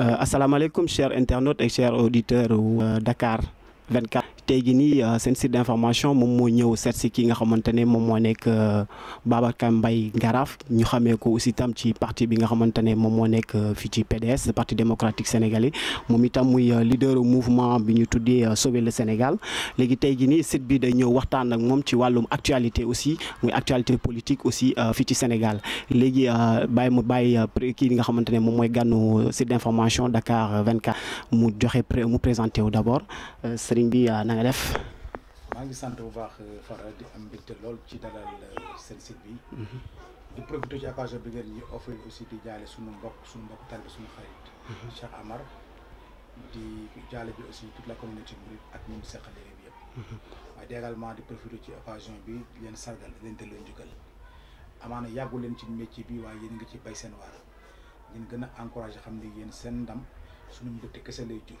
Euh, assalamu alaikum chers internautes et chers auditeurs euh, Dakar 24 tey ni nii euh, site d'information mom mo ñëw set ci ki nga xamante mom mo nek nekk euh, Babacar Mbaye ñu xamé ko aussi tam ci parti bi nga xamante mom mo nek euh, fi ci PDS parti démocratique sénégalais mom itam muy leader mouvement bi ñu tuddé sauver le Sénégal légui tey ni site bi da ñëw waxtaan ak mom ci walum actualité aussi muy actualité politique aussi fi ci Sénégal légui bàyyi mu bàyyi ki nga xamante mom moy gannu site d'information Dakar 24 mu joxé mu présenté wu d'abord serigne bi. na nga maa ngi sant bu baax euh, Fara di am mbégte lool ci dalal euh, seen site bi. Mhm. di profité ci occasion bi ngeen ñu offrir aussi di jaale suñu mbokk suñu mbokk tànn suñu xarit. Mhm. Cheikh Amar di jaale bi aussi toute la communauté mouride ak ñoom seqal réew yëpp. Mhm. waaye di également di profité ci occasion bi di leen sargal di leen delloo njukkal. amaana yàggu leen ci métier bi waaye yéen ngi ci bay seen waar ngeen gën a encouragé xam ne yéen seen ndam suñu mbégte kese lay jur.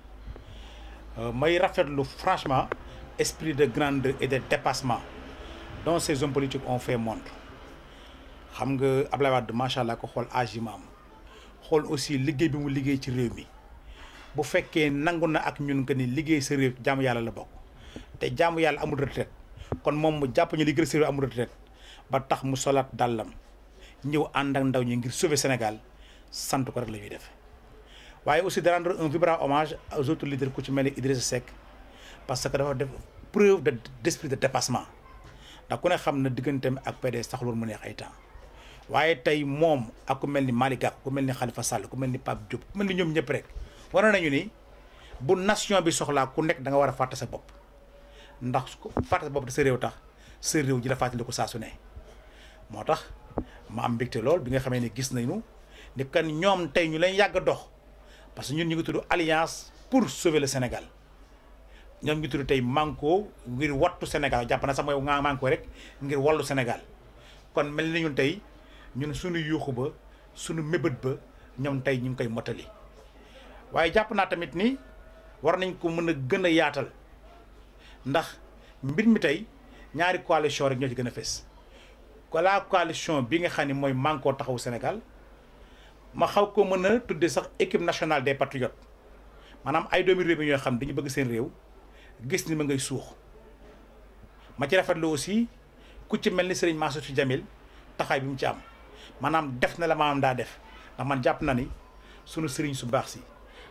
Euh, may rafetlu franchement esprit de grandeur et de dépassement dont ces hommes politiques ont fait montre xam nga Ablaye Wade macha allah ko xool il aussi liguey bi mu liguey ci bu fekke nanguna ak ñun ni sa la te amul retraite kon mu ñu amul retraite ba tax mu ak ndaw ñi Sénégal sant ko rek def. waaye aussi de rendre un vibrant hommage aux autres leaders ku ci mel ni Idrissa Seck parce que dafa def preuve de d'esprit de dépassement ndax ku ne xam na digganteem ak PDS sax loolu mu ne ay temps waaye tey moom ak ku mel ni Malick ku mel ni Khalifa Sall ku mel ni Pape Diop ku mel ni ñoom ñëpp rek war nañu ni bu nation bi soxlaa ku nekk da nga war a fàtte sa bopp ndax ko fàtte sa bopp da sa réew tax sa réew ji la fàttali ko saasu ne moo tax ma am mbégte lool bi nga xamee ne gis nañu ni kan ñoom tey ñu leen yàgg dox parce que ñun ñu alliance pour sauver le Sénégal ñom ngi tuddu tay manko ngir wattu Sénégal japp na sax moy nga manko rek ngir wallu Sénégal kon melni ñun tay ñun suñu yuxu ba suñu mebeut ba ñom tay ñing koy motali waye japp na tamit ni war nañ ko mëna gëna yaatal ndax mbir mi tay ñaari coalition rek ñoo ci gëna fess ko la coalition bi nga xani moy manko taxaw Sénégal ma xaw ko mën a tuddee sax équipe nationale de patriotes maanaam ay doomi réew mi ñoo xam ñu bëgg seen réew gis ni ma ngay suux ma ci rafetlu aussi ku ci mel ni Serigne Mansour Sy Djamil taxaay bi mu ci am maanaam def na la maanaam daa def ndax man jàpp na ni sunu Serigne su baax si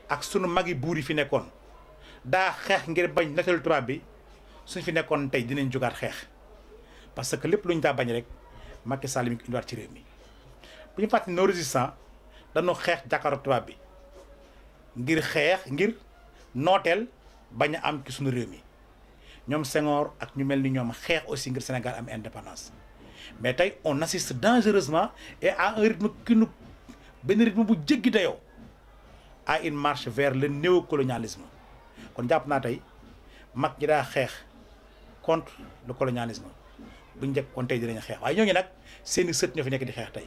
ak sunu magi buur yi fi nekkoon daa xeex ngir bañ natalu tubaab bi suñ fi nekkoon tey dinañ jógaat xeex parce que lépp lu ñu daa bañ rek Macky Sall mi ci réew mi dañoo xeex jàkkaarloo tubaab bi ngir xeex ngir nooteel bañ a am ci suñu réew mi ñoom Senghor ak ñu mel ni ñoom xeex aussi ngir Sénégal am indépendance mais tey on assiste dangereusement et à un rythme ki nu benn rythme bu jéggi dayoo à une marche vers le néocolonialisme kon jàpp naa tey mag ñi daa xeex contre le colonialisme bu njëkk kon tey dinañ xeex waaye ñooñu nag seeni sët ñoo fi nekk di xeex tey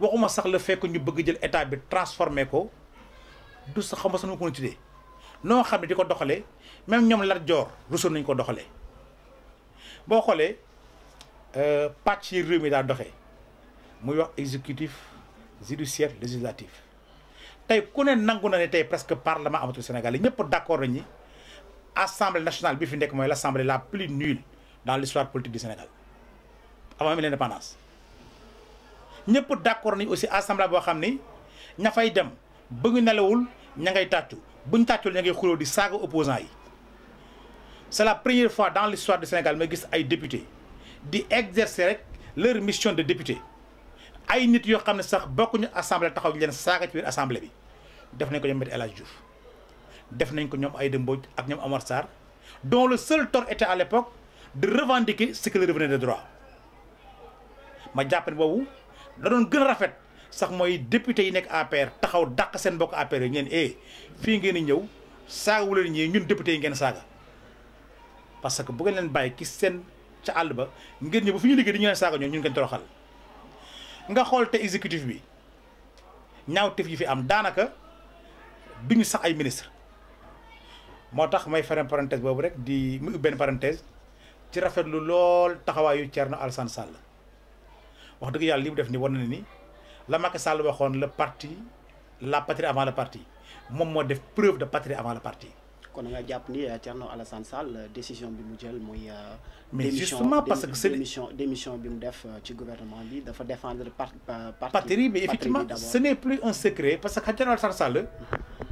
waxuma sax le fait que ñu bëgg jël état bi transformé ko du sax xam ko tudé Nous xamni diko nous même euh, exécutif judiciaire législatif ku presque parlement d'accord assemblée nationale bi l'assemblée la plus nulle dans l'histoire politique du Sénégal l'indépendance ñëpp d'accord nañ aussi assemblée boo xam ni ña fay dem ba ñu nelawul ña ngay tàccu buñ tàccul ña ngay xuloo di saaga opposants yi c'est la première fois dans l'histoire du Sénégal may gis ay député di exercer rek leur mission de député ay nit yoo xam ne sax bokkuñu assemblée taxaw ñu leen saaga ci biir assemblée bi def nañ ko ñoom El Hadj Diouf def nañ ko ñoom ay Aïda Mbodj ak ñoom Omar Sarr dont le seul tort était à l'époque de revendiquer ce qui leur revenait de boobu la gën a rafet sax mooy député yi nekk APR taxaw dàq seen mbokk APR yi ngeen eh fii ngeen di ñëw saagawu leen ñii ñun député yi ngeen saaga parce que bu ngeen leen bàyyi ki seen ca àll ba ngeen ñëw ba fi ñu liggéey di ñu leen saaga ñoom ñun ngeen toroxal nga xool te exécutif bi ñaaw ñaawteef yi fi am daanaka bi duñu sax ay ministre moo tax may ferme parenthèse boobu rek di mu ubben parenthèse ci rafetlu lool taxawaayu Thierno Alassane Sall wax dëgg yàlla li mu def ni war ni la Macky Sall waxoon le parti la patrie avant le parti moom moo def preuve de patrie avant le parti. kon nga jàpp ni euh, Thierno Alassane Sall euh, décision bi mu jël mooy. Euh, mais justement parce que c'est démission démission bi mu def ci gouvernement bi dafa défendre par par. patrie mais effectivement ce n'est plus un secret parce que xam Thierno Alassane Sall.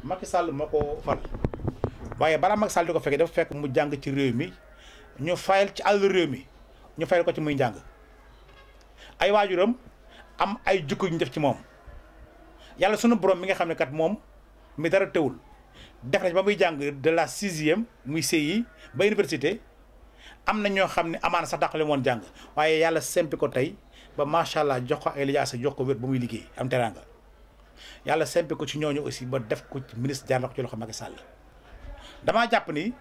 Macky Sall moo ko fal. waaye balaa Macky Sall di ko fekkee dafa fekk mu jàng ci réew mi ñu fayal ci àll réew mi ñu fayal ko ci muy njàng. ay waajuram am ay jukko ñu def ci moom yàlla sunu borom mi nga xam ne kat moom mi dara teewul def na ba muy jàng de la sixième muy CI ba université am na ñoo xam ne amaan sax daqale woon jàng waaye yàlla sempi ko tey ba macha allah jox ko ay lijaasa jox ko wér ba muy liggéey am teraanga yàlla sempi ko ci ñooñu aussi ba def ko ci ministre jaar na ko ci loxo Macky damaa jàpp ni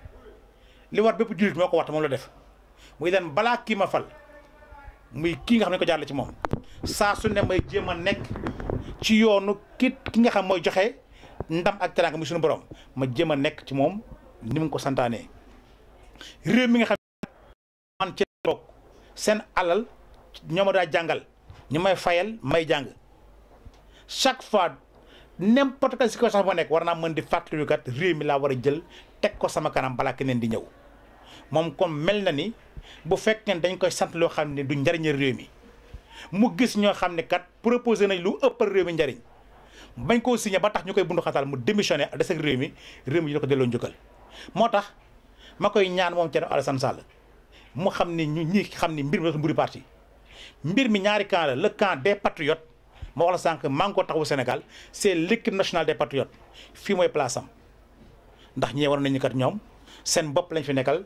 li war bépp jullit moo ko war moom la def muy leen balaa kii ma fal. muy kii nga xam ne ko jaarale ci moom saa su ne may jéem a nekk ci yoonu ki ki nga xam mooy joxe ndam ak teraanga muy suñu borom ma jéem a nekk ci moom ni mu ko santaanee réew mi nga xam toog seen alal ñoo ma daa jàngal ñu may fayal may jàng chaque fois n'importe quelle situation ma nekk war naa mën di fàttalikat réew mi laa war a jël teg ko sama kanam bala keneen di ñëw moom kon mel na ni bu fekkee dañ koy sant loo xam ne du njariñal réew mi mu gis ñoo xam ne kat proposé nañ lu ëppal réew mi njariñ bañ koo signé ba tax ñu koy bundu xatal mu démissionné des ak réew mi réew mi ñu ko delloo njukkal moo tax ma koy ñaan moom Thierno Alassane Sall mu xam ne ñu ñi xam ni mbir mi dafa mbiri parti mbir mi ñaari camp la le camp des patriotes ma wax la sànq maa ngi ko taxawu Sénégal c'est nationale des patriotes fii mooy place ndax ñee war nañu kat ñoom seen bopp lañ fi nekkal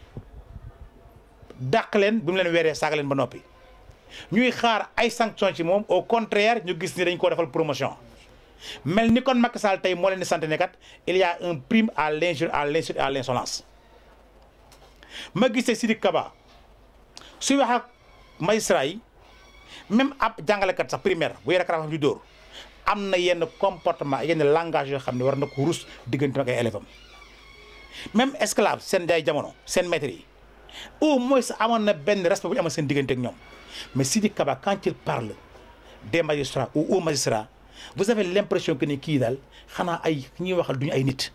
dàq leen bi mu leen weeree saaga leen ba noppi ñuy xaar ay sanctions ci moom au contraire ñu gis ni dañ koo defal promotion mel ni kon Macky Sall tey moo leen sante sant il y a un prime à l'injure à l'insulte à l'insolence ma gisee Sidiki Kaba suy wax ak magistrat même ab jàngalekat sax primaire bu yore karaafam di dóor am na yenn comportement yenn langage yoo xam ne war na ko rus diggante ak ay élèves am esclave seen jaay jamono seen maîtres yi au moins amoon na benn respect bu ñu amal seen diggante ñoom mais si di Kaba quand il parle des magistrats ou aux magistrats vous avez l'impression que ni kii daal xanaa ay ñuy waxal duñu ay nit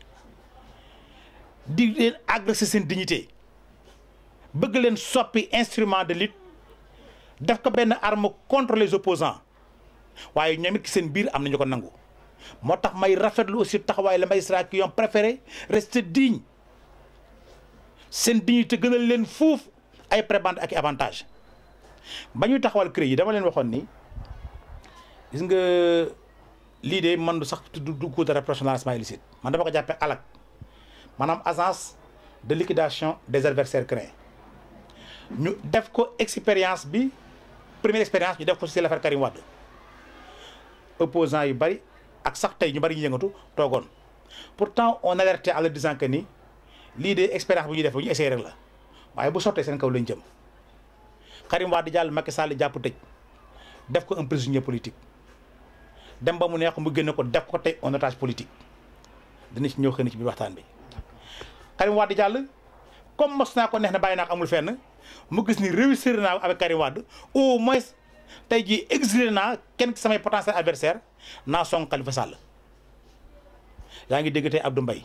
di leen agresser seen dignité bëgg leen soppi instrument de lutte daf ko benn arme contre les opposants waaye ñoom it seen biir am nañu ko nangu moo tax may rafetlu aussi taxawaay la magistrat qui ont préféré reste digne seen dignité gënal leen fouf ay prébendes ak avantage bañu taxawal CREI yi dama leen waxoon ni gis nga lii de man sax du du coup de répression de l'enrichissement illicite man dama ko jappé alak manam agence de liquidation des adversaires CREI ñu def ko expérience bi première expérience ñu def ko ci l'affaire Karim Wade opposants yu bari ak sax tay ñu bari ñëngatu togon pourtant on alertait à le disant que ni. lii de expérience bu ñuy def bu ñu essayé rek la waaye bu sottee seen kaw lañ jëm Karim Wade jàll Macky Sall jàpp tëj def ko un prisonnier politique dem ba mu neex mu génne ko def ko tey en otage politique dina ci ñëw xëy na ci biir waxtaan bi. Karim Wade jàll comme mos naa ko neex na bàyyi naa ko amul fenn mu gis ni réussir naa avec Karim Wade au moins tey jii exilé naa kenn ci samay potentiel adversaire naa song Khalifa sàll yaa ngi dégg tey Abdou Mbaye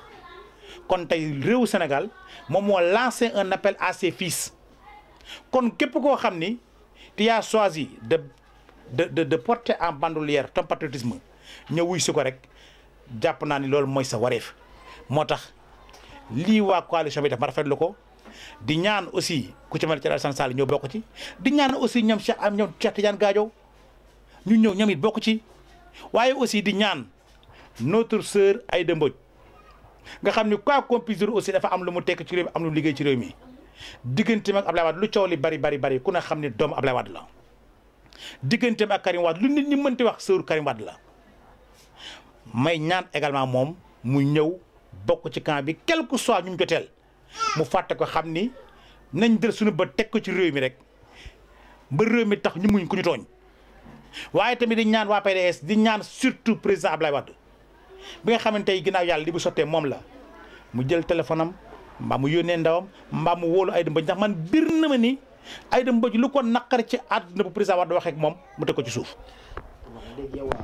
kon tay réewu Sénégal moom moo lancé un appel à ses fils kon képp ko xamni ni tu choisi de de de de porter en bandoulière ton patriotisme ñewuy wuy ko rek japp naa ni loolu mooy sa waréf motax li wa coalition bi def ma rafetlu ko di ñaan aussi ku ci mel ci Alassane Sall ñëw bokku ci di ñaan aussi ñom Cheikh am ñoom Cheikh Tidiane Gadio ñu ñew ñamit bokku ci waye aussi di ñaan notre sœur Aïda Mbodj nga xam ni quoi qu'on puisse dire aussi dafa am lu mu tekk ci réew mi am lu liggéey ci réew mi digganteem ak Ablaye Wade lu coow li bari bari bari ku ne xam ni doomu Ablaye Wade la digganteem ak Karim Wade lu nit ñi mënti wax sëru Karim Wade la may ñaan également moom mu ñëw bokk ci camp bi quel que soit ñu mu joteel mu fàtte ko xam ni nañ dër suñu ba teg ko ci réew mi rek ba réew mi tax ñu muñ ku ñu tooñ waaye tamit di ñaan waa PDS di ñaan surtout président Ablaye Wade bi nga xamante ginaaw yalla yàlla li bu sottee mom la mu jël téléphone mba mu yone ndawam mba mu ay dem bañ tax man bir na ma ni dem bañ lu ko naqar ci aduna bu président wad waxee ak mom mu teg ko ci souf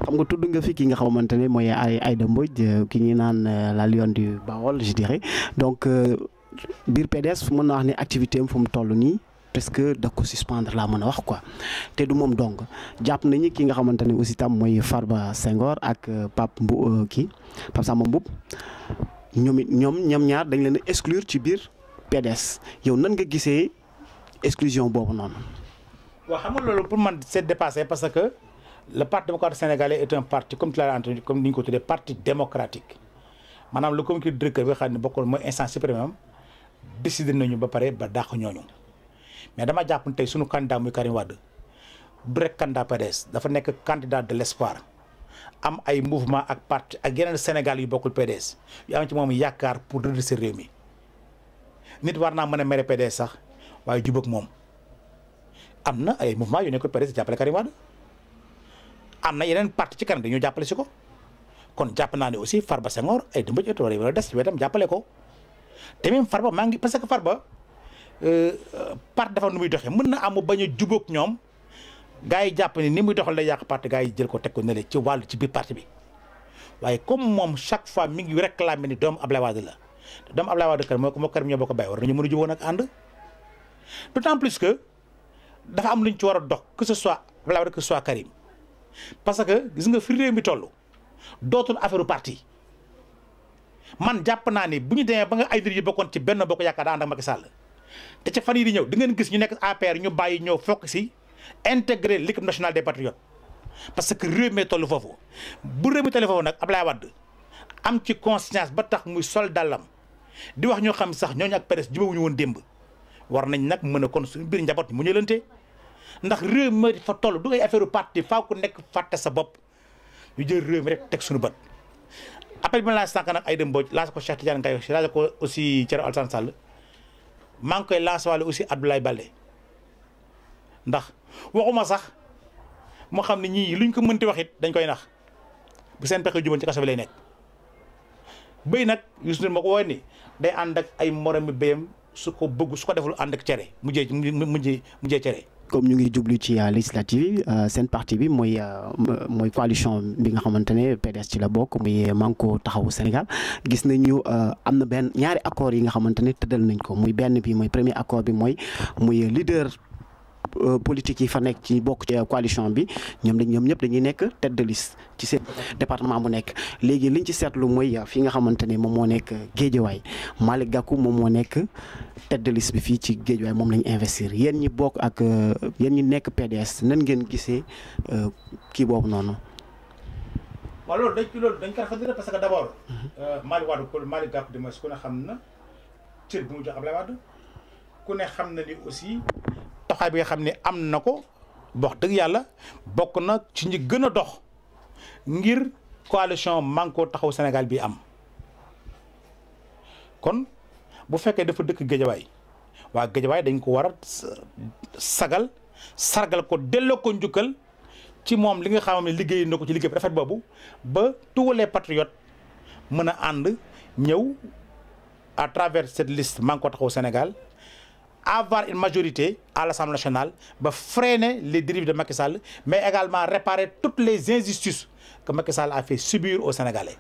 xam nga tuddu nga fi ki nga moy ay ay dem Mbodj ki ñuy naan euh, la lion du Baol je dirais donc euh, bir PDS mën wax ni activité fu mu tollu ni parce que da suspendre la mën wax quoi té du moom donc jàpp nañu ki nga xamantani aussi tam moy Farba Senghor ak euh, Pape Mbou euh, ki Pape Samba Mboup ñoom ñom ñoom ñoom ñaar dañ leen exclure ci bir PDS yow nan nga gisee exclusion bobu non wa xam nga lolu pour man c'est dépassé parce que le parti démocratique sénégalais est un parti comme tu l'as entendu comme ni ko tudé parti démocratique maanaam le comité directeur bi nga bokol moy instance suprême décider nañu ba paré ba dàq ñooñu. mais dama jàpp ne sunu suñu candidat muy Karim Wade du rek candidat PDS dafa nekk candidat de l'espoir am ay mouvement ak parti ak yeneen Sénégal yu bokkul PDS yu am ci moom yaakaar pour redresser réew mi nit war naa mën a mere PDS sax waaye jubóog moom am na ay mouvement yu nekkul PDS jàppale Karim Wade na yeneen parti ci kanam dañoo jàppale si ko kon jàpp naa ne aussi Farba Senghor ay dëmb ci war a des ci wetam jàppale ko te même Farba maa ngi parce que Farba. parti dafa nu muy doxee mën na amu bañ a ñoom gars yi jàpp ni ni muy doxal lay yàq parti gars yi jël ko teg ko nële ci wàllu ci biir parti bi waaye comme moom chaque fois mi ngi réclamé ni doomu Ablaye Wade la te doomu Ablaye Wade kër moo ko moo kër ñoo bokk bàyyi war nañu a jubóog nag ànd que dafa am ci war a dox que ce soit Ablaye Wade Karim parce que gis nga fi mi toll dootul affaire parti man jàpp naa ni bu ñu demee ba nga ay nit yi bokkoon ci benn bokk yaakaar daa ànd ak Macky Sall te ca fan yii di ñëw di ngeen gis ñu nekk APR ñu bàyyi ñëw fokk si intégrer l'équipe nationale des patriotes parce que réew me toll foofu bu réew mi toll foofu nag Ablaye Wade am ci conscience ba tax muy sol dàllam di wax ñu xam sax ñooñu ak presse ñu woon démb war nañ nag mën a kon suñu biir njaboot mu lante ndax réew mi fa toll du ay affaire parti faaw ku nekk fàtte sa bopp ñu jël réew mi rek teg suñu bët. appel bi ma laaj sànq ay d booj laaj ko Cheikh Tidiane Ngaye ko aussi Thierno Alassane Sall. maa koy lancé waale aussi Abdoulaye Baldé ndax waxuma sax moo xam ne ñii luñ ko mënti wax dañ koy nax bu seen pexe juban ci kaso lay nekk béy nag Youssou Ndour moo ko woon ni day ànd ak ay moromi béyam su ko bëgg su ko deful ànd ak cere mujjee mujjee mujjee cere comme ñu ngi jublu ci euh, législative yi euh, seen parti bi mooy euh, mooy coalition bi nga xamante ne PDS ci la bokk muy Manko Taxawu Sénégal gis nañu am na benn ñaari accord yi nga xamante ne tëddal nañ ko muy benn bi mooy premier accord bi mooy muy leader Euh, politique yi fa nekk ci bokk ci euh, coalition bi ñoom dañ ñoom ñëpp dañuy nekk tête ci seen département bu nekk léegi liñ ci seetlu mooy euh, fi nga xamante ne moom moo nekk Géejawaay Malick Gakou moom moo nekk tête de bi fii ci Géejawaay moom lañ investir yéen ñi bokk ak yéen ñi nekk PDS nan ngeen gisee kii boobu noonu waaw loolu dañ ci loolu dañ ko parce que d' abord mhm. Malick Wade ko Malick di mas ku ne xam na cër bu mu jox Abdoulaye Wade ku ne xam na ni aussi taxawaay bi nga xam ne am na ko wax dëgg yàlla bokk na ci ñi gën a dox ngir coalition Manko Taxawu Sénégal bi am kon bu fekkee dafa dëkk Géejawaay waa Géejawaay dañ ko war a sagal sargal ko delloo ko njukkal ci moom li nga xam ne liggéey na ko ci liggéey bu rafet boobu ba tous les patriotes mën a ànd ñëw à travers cette liste Manko Taxawu Sénégal avoir une majorité à l'Assemblée nationale, pour freiner les dérives de Macky Sall, mais également réparer toutes les injustices que Macky Sall a fait subir aux Sénégalais.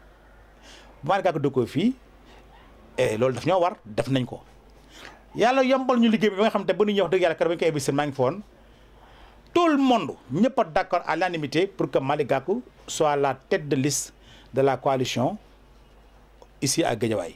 Mouhamed Gakou da ko fii eh, daf ñoo def nañ ko yàlla yombal ñu a bi gens nga xam te ba ñu dëgg tout le monde n'est pas d'accord à l'animité pour que Malick soit la tête de liste de la coalition ici à Guédiawaye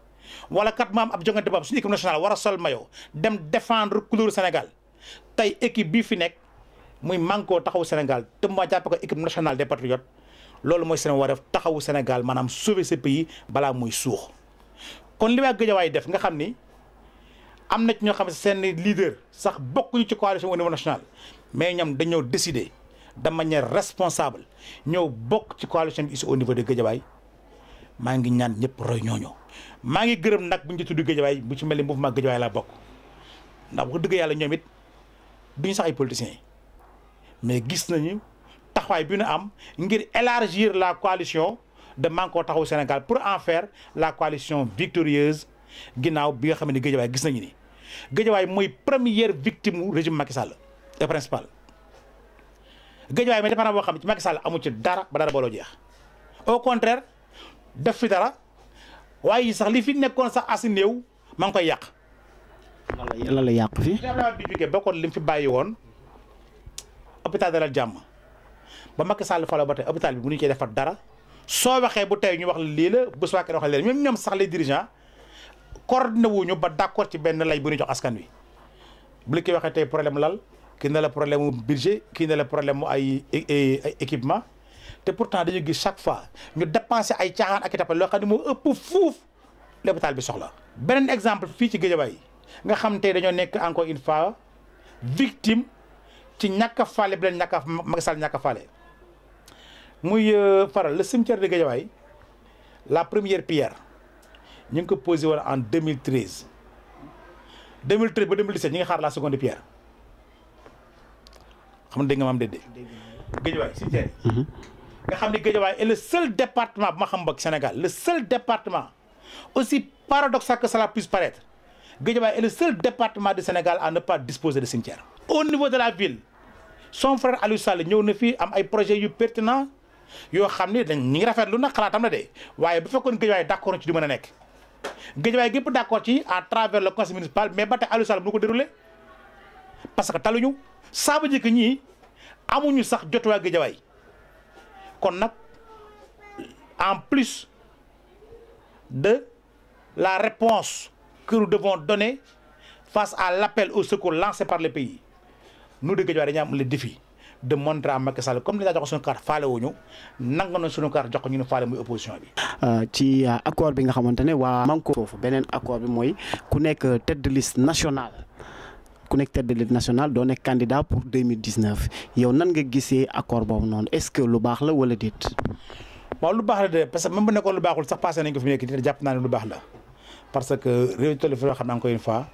wala kat mam ab jongante boobu suñu national wara sol mayo dem défendre couleur Sénégal tay équipe bi fi nek muy manko taxaw Sénégal te ma japp ko équipe national des patriotes lolou moy sénégal wara taxaw Sénégal manam sauver ce pays bala muy sour kon li waa way def nga xamni amna ci ñoo xam sen leader sax ñu ci coalition au niveau national mais ñam dañu décider de manière responsable ñëw bok ci coalition bi ici au niveau de way ma ngi ñaan ñep roy ñooñu maa ngi gërëm nag bu ñu ci tudd Géejawaay bu ci mel ni mouvement Géejawaay laa bokk ndax bu dëgg yàlla ñoom duñu sax ay politiciens mais gis nañu taxawaay bi ñu am ngir élargir la coalition de Manko taxaw Sénégal pour en faire la coalition victorieuse ginnaaw bi nga xam ne Géejawaay gis nañu ni Géejawaay mooy première victime régime Macky Sall principal Géejawaay mais dafa naa boo xam ci Macky amu ci dara ba dara booloo jeex au contraire def fi dara. waaye sax li fi nekkoon sax asi néew maa ngi koy yàq. lan la yàq fi. bi jógee bokkoon li mu bàyyi woon hôpital Dalal Jàmm ba Macky Sall falo ba tey hôpital bi mu ñu cee defar dara soo waxee bu tey ñu wax lii la bu soo waxee wax leen même ñoom sax les dirigeants coordonné wuñu ba d'accord ci benn lay bu ñu jox askan wi. bu lu koy waxee tey problème lal kii na la problème mu budget kii na la problème mu ay équipement. te pourtant dañu gis chaque fois ñu dépensé ay caaxaan ak i tapal loo xam ne moo ëpp fuuf l'hôpital bi soxla. beneen exemple fii ci Guédiawaye nga xam tey dañoo nekk encore une fois victime ci ñàkk a faale bi leen ñàkk a ñàkk a faale muy euh, faral le cimetière de Guédiawaye la première pierre ñu ngi ko posé woon en 2013 2013 ba 2017 ñu ngi xaar la seconde pierre xam nga dégg nga maam déedéet. Guédiawaye nga xam ne Guédiawaye est le seul département bu ma xam bokk Sénégal le seul département aussi paradoxal que cela puisse paraître Guédiawaye est le seul département de Sénégal à ne pas disposer de cimetière. au niveau de la ville son frère Aliou Sall ñëw na fii am ay projets yu pertinent yoo xam ne dañ ñu ngi rafetlu xalaat xalaatam la de waaye bu fekkoon Guédiawaye d'accord ci du mën a nekk Guédiawaye gépp d'accord ci à travers le conseil municipal mais ba tey Aliou Sall bu parce que taluñu saa ba njëkk ñii amuñu sax jotuwaay Guédiawaye qu'on en plus de la réponse que nous devons donner face à l'appel au secours lancé par le pays nous devons Guédiawaye le défi de montrer à Macky Sall comme ni a jox car carte faale wu ñu nangu na suñu carte jox ko ñu ne opposition bi. Euh, ci euh, accord bi nga ne manko fofu benen accord bi moy ku nekk tête de liste nationale nekk de liste nationale donné candidat pour 2019 yow nan nga gissé accord boobu non est-ce que lu bax la wala dit waaw lu bax la de parce que même bu nekkoon lu baxul sax passé nañ ko fi nek nekk japp jàpp naa lu bax la parce que réew tollu fi xam ne ko une fois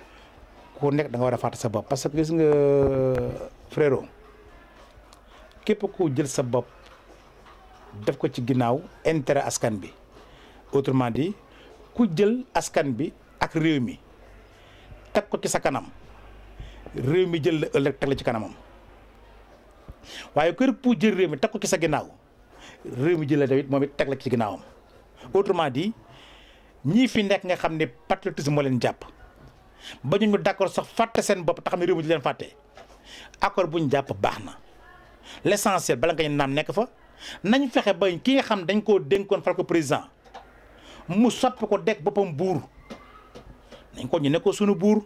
ku nek da nga war a sa bob parce que gis nga frérot képp ko jël sa bob def ko ci ginnaaw intérêt askan bi autrement dit ku jël askan bi ak réew mi tak ko ci sa kanam. réew mi jël la ëllëg la ci kanamam waaye kër pour jël réew mi teg ko ci sa ginnaaw réew mi jël la tamit moom it teg la ci ginnaawam autrement di ñii fi nekk nga xam ne patriotisme moo leen jàpp ba ñu ñu d'accord sax fàtte seen bopp te xam ne réew mi di leen fàtte accord bu ñu jàpp baax na l'essentiel bala nga ñu naan nekk fa nañ fexe ba ki nga xam dañ koo dénkoon fal ko président mu soppi ko dekk boppam buur nañ ko ñu ne sunu buur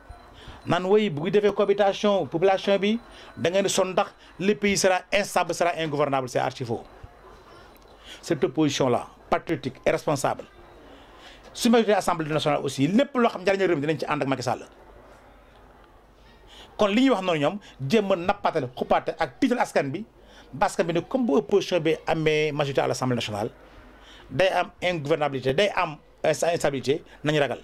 naan woy bu de defee cohabitation population bi da ngeen son ndax le pays sera instable sera ingouvernable c'est archi faux cette opposition là patriotique et responsable su majorité assemblée nationale aussi lepp lo xam njëriñ reum dinañ ci and ak Macky Sall kon liñ wax non ñom jéem napatal nappaatale xuppaate ak tiital askan bi ba bi ne comme bu opposition bi amé majorité à l'assemblée nationale day am ingouvernabilité day am instabilité nañ ragal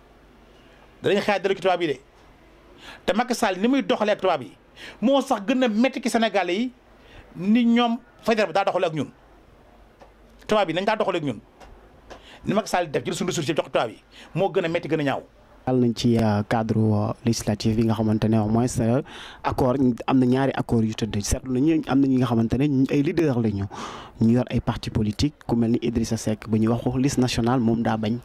danañ xaaj dara ci tubaab yi de te Macky Sall ni muy doxalee ak tubaab yi moo sax gën a métti ci Sénégalais yi ni ñoom fajar bi daa doxalee ak ñun tubaab yi nañ daa doxalee ak ñun ni Macky Sall def jël suñu ressource yi jox tubaab yi moo gën a métti gën a ñaaw. al nañ ci euh, cadre euh, législatif bi nga xamante ne au moins euh, accord am na ñaari accord yu tëdd seetlu nañu am na ñi nga xamante ne ay leader la ñu ñu yor ay parti politique ku mel ni Idrissa Seck bu ñuy wax liste nationale moom daa bañ.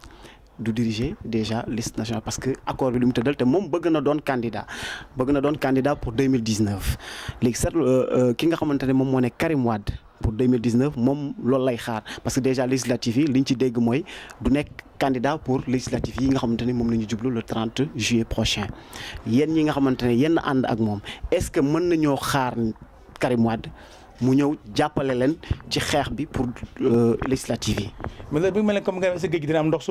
du diriger déjà liste nationale parce que accord bi lu mu mon te moom bëgg na candidat bëgg na candidat pour 2019 léegi qui euh, euh, ki nga xamante ne moom moo Karim Wade pour 2019 mon loolu lay xaar parce que déjà législative yi li ñu ci dégg du candidat pour législative yi nga xamante ne moom la jublu le 30 juillet prochain yéen ñi nga xamante ne yéen ak moom est-ce que mën nañoo xaar Karim Wade mu ñëw jàppale leen ci xeex bi pour euh, législative yi. mais bi ma leen comme nga sa dina am ndox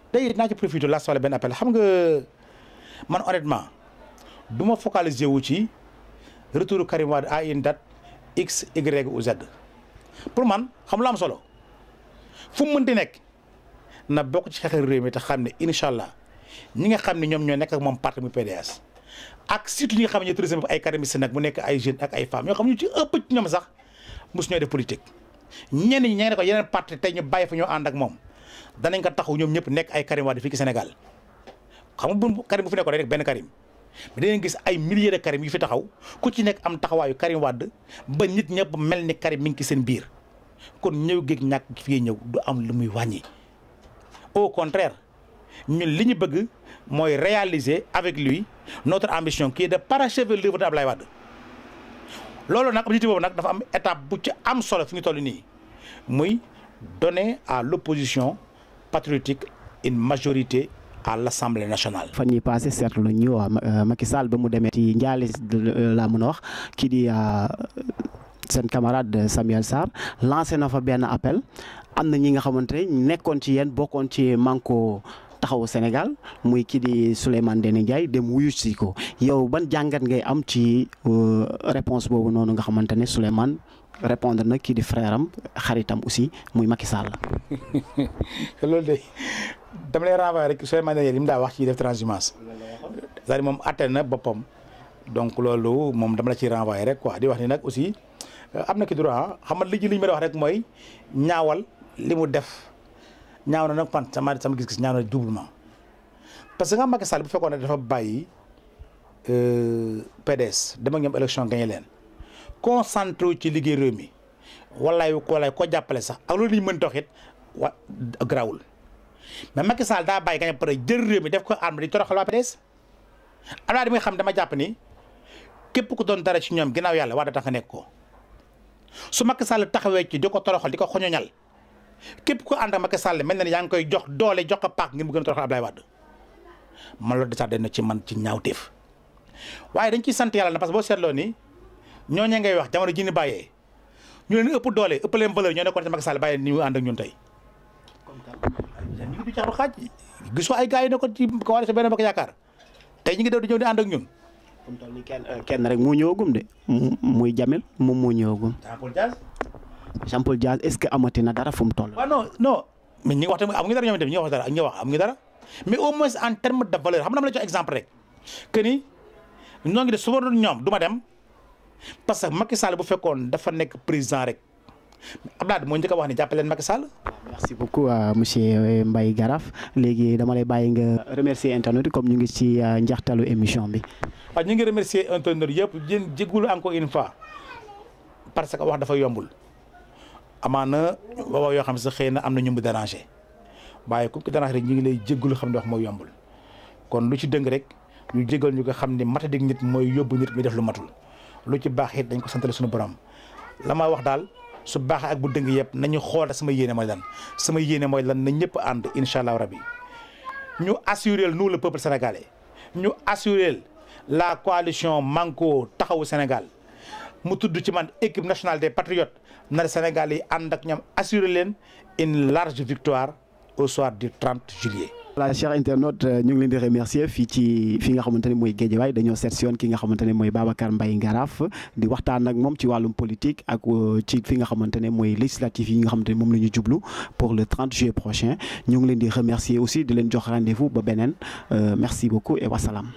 day naa ci profité laas wala benn appel xam nga man honnêtement duma ma focaliser wu ci retour Karim Wade à une date x y z pour man xam lu solo fu mu mënti nekk na bokk ci xeexal réew mi te xam ne incha allah ñi nga xam ne ñoom ñoo nekk ak moom parti mu PDS. ak surtout ñi nga xam ne ñoo ay karimiste nag mu nekk ay jeunes ak ay femmes ñoo xam ñu ci ëpp ci ñoom sax mosu ñoo def politique ñenn ñi ña ne ko yeneen parti tey ñu bàyyi fa ñoo ànd moom. danañ ko taxaw ñoom ñëpp nekk ay Karim Wade fii ci Sénégal xam nga bu Karim bu fi nekkoon rek benn Karim mais dinañ gis ay milliers de Karim yu fi taxaw ku ci nekk am taxawaayu Karim Wade ba nit ñëpp mel ni Karim mi ngi seen biir kon ñëw géeg ñàkk fii ñëw du am lu muy wàññi au contraire ñun li ñu bëgg mooy réaliser avec lui notre ambition qui est de parachever l'œuvre de d'Ablaye Wade loolu nag objectif boobu nag dafa am étape bu ci am solo fi ñu toll nii muy donner à l'opposition patriotique une majorité à l'Assemblée nationale. fan passé seetlu nañ ñu waa euh, euh, Macky Sall ba mu demee ci njaalis euh, la mëna a wax kii di seen camarade Samuel Sarr lancé na fa ben appel amna ñi nga xamanté ne ci yeen bokkoon ci manko taxaw Sénégal muy ki di Souleymane Ndéné Ndiaye dem wuyu si ko yow ban jàngat ngay am ci réponse bobu nonu nga xamanté Souleymane répondre na ki di fréram xaritam aussi muy Macky Sall. loolu de dama lay renvoyer rek Souleymane Daniel li mu daa wax ci def transhumance cest à moom atte na boppam donc loolu moom dama la ciy renvoyer rek quoi di wax ni nag aussi euh, am na ki droit xam nga li ñu li ñu wax rek mooy ñaawal li mu def ñaaw na nag pan sama sama gis-gis ñaaw na doublement parce que nga Macky Sall bu fekkoon ne dafa bàyyi euh, PDS dem ak ñoom élection gagné leen ci liggéey réew mi walaay walaay ko jàppale sax ak loolu li ñu mën taxit waa grawul mais Macky Sall daa bàyyi gañ pare jël réew mi def ko arme di toroxal waa PDS am naa xam dama jàpp ni képp ku doon dara ci ñoom ginnaaw yàlla waa da tax nga nekk ko su Macky Sall taxawee ci di ko toroxal di ko xoñoñal képp ku ànd ak Macky mel na ni yaa ngi koy jox doole jox ko paak ngir mu gën a toroxal Abdoulaye Wade man loolu déjà dañ na ci man ci ñaaw ñaawteef waaye dañ ci sant yàlla na parce que boo seetloo ni ngay wax jamono ji ni bàyyee ñu doole ëpp leen valeur ñoo nekkoon ci Macky ni ñu ànd ak tey ñu ngi du caxlu xaaj gisoo ay gars yi ne ko ci coalition Benno Bokk Yaakaar tey ñu ngi daw di ñëw di ànd ak ñun. nii kenn euh, kenn rek moo ñëwagum de muy Jamil moom moo ñëwagum. Jean Paul Diaz. Jean Paul est-ce que amati na dara fu mu toll. waaw non non mais ñi wax tamit amuñu dara ñoom itam ñi wax dara ak ñi wax au moins en terme de valeur xam na ma la jox exemple rek que ni ñoo ngi de su ma doon ñoom du ma dem parce que Macky Sall bu fekkoon dafa nekk président rek. Abdoulaye mo ndika wax ni jappelen Macky Sall. merci beaucoup uh, monsieur eh, Mbaye Garaf légui dama lay baye nga remercier internet comme ñu ngi ci uh, njaxtalu émission bi. wa ñu ngi remercier internet yépp jën jégalu encore une fois parce que wax dafa yombul amana wax yo xam sa xeyna amna ñu mu déranger baye ku ko déranger ñu ngi lay jégalu xam ne wax mooy yombul kon lu ci dëng rek ñu jégal ñu ko xam ni matadik nit moy yobbu nit mi def lu matul lu ci bax it dañ ko santale suñu borom lama wax dal su baax ak bu dëng yëpp nañu xool sama yéene mooy lan sama yéene mooy lan na ñëpp ànd incha allah rabi ñu assurel nous le peuple sénégalais ñu assurel la coalition Manko taxawu Sénégal mu tudd ci man équipe nationale des patriotes na Sénégal yi ànd ak ñoom assuré leen une large victoire au soir du 30 juillet. voilà chers internautes euh, ñu ngi leen di remercier fi ci fi nga xamante moy mooy Guédiawaye dañoo seet ki nga xamante moy Babacar Mbaye ngaraf di waxtaan ak mom ci walum politique ak euh, ci fi nga xamante moy législatif yi nga xamante mom lañu pour le 30 juillet prochain ñu ngi leen di remercier aussi di leen jox rendez-vous ba beneen euh, merci beaucoup et salam.